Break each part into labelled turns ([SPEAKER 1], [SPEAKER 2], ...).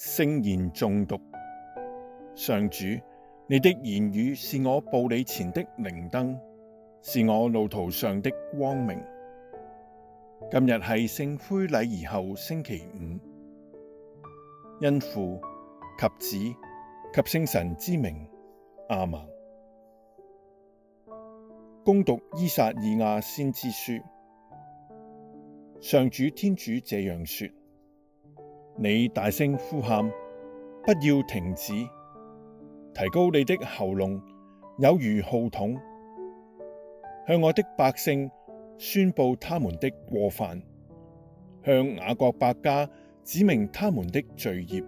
[SPEAKER 1] 聖言誦讀。上主，你的言語是我步履前的明燈，是我路途上的光明。今日係聖灰禮儀後星期五，因父及子及聖神之名，阿們。恭讀依撒意亞先知書，上主天主這樣說。你大聲呼喊，不要停止，提高你的喉嚨，有如號筒，向我的百姓宣佈他們的過犯，向雅各伯家指明他們的罪孽。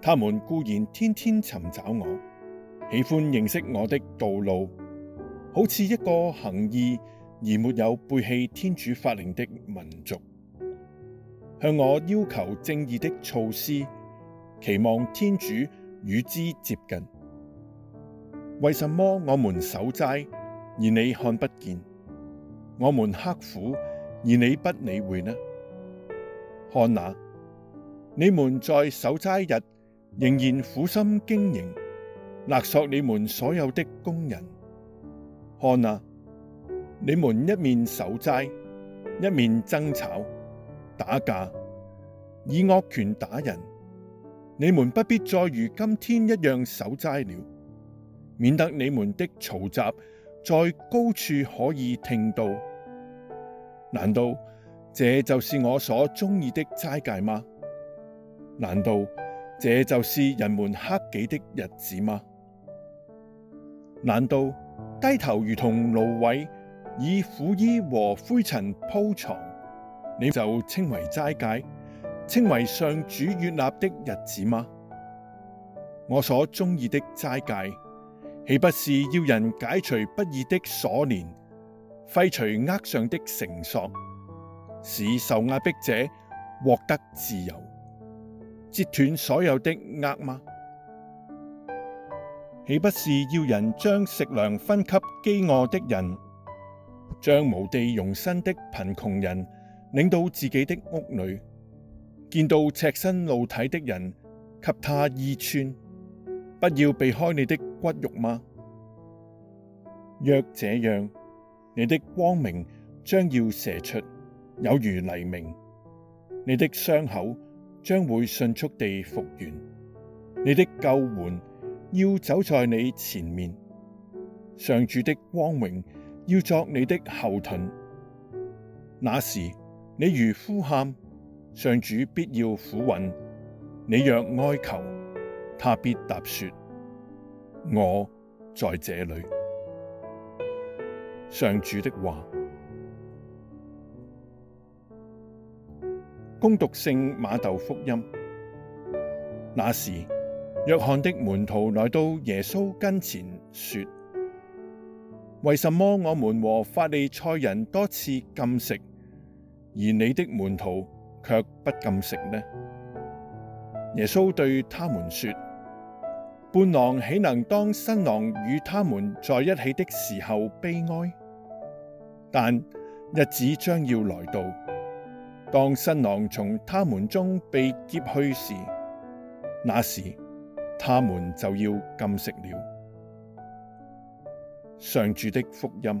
[SPEAKER 1] 他們固然天天尋找我，喜歡認識我的道路，好似一個行義而沒有背棄天主法令的民族。向我要求正義的措施，祈望天主與之接近。為什麼我們守齋而你看不見？我們刻苦而你不理會呢？看哪、啊，你們在守齋日仍然苦心經營，勒索你們所有的工人。看哪，你們一面守齋，一面爭吵。打架，以惡拳打人，你們不必再如今天一樣守齋了，免得你們的嘈雜在高處可以聽到。難道這就是我所中意的齋戒嗎？難道這就是人們克己的日子嗎？難道低頭如同蘆葦，以苦衣和灰塵鋪床？你就稱為齋戒，稱為上主悅納的日子嗎？我所中意的齋戒，豈不是要人解除不義的鎖鏈，廢除軛上的繩索，使受壓迫者獲得自由，截斷所有的軛嗎？豈不是要人將食糧分給飢餓的人，將無地容身的貧窮人，領到自己的屋裏，見到赤身露體的人，給他衣穿，不要避開你的骨肉嗎？若這樣，你的光明將要射出，有如黎明；你的傷口將會迅速地復原，你的救援要走在你前面，上主的光榮要作你的後盾。那時，你如呼喊，上主必要俯允；你若哀求，他必答說：我在這裏。上主的話。恭讀聖瑪竇福音。那時，若翰的門徒來到耶穌跟前，說：為什麼我們和法利賽人多次禁食？而你的門徒卻不禁食呢？耶穌對他們說：伴郎豈能當新郎與他們在一起的時候悲哀？但日子將要來到，當新郎從他們中被劫去時，那時他們就要禁食了。上主的福音。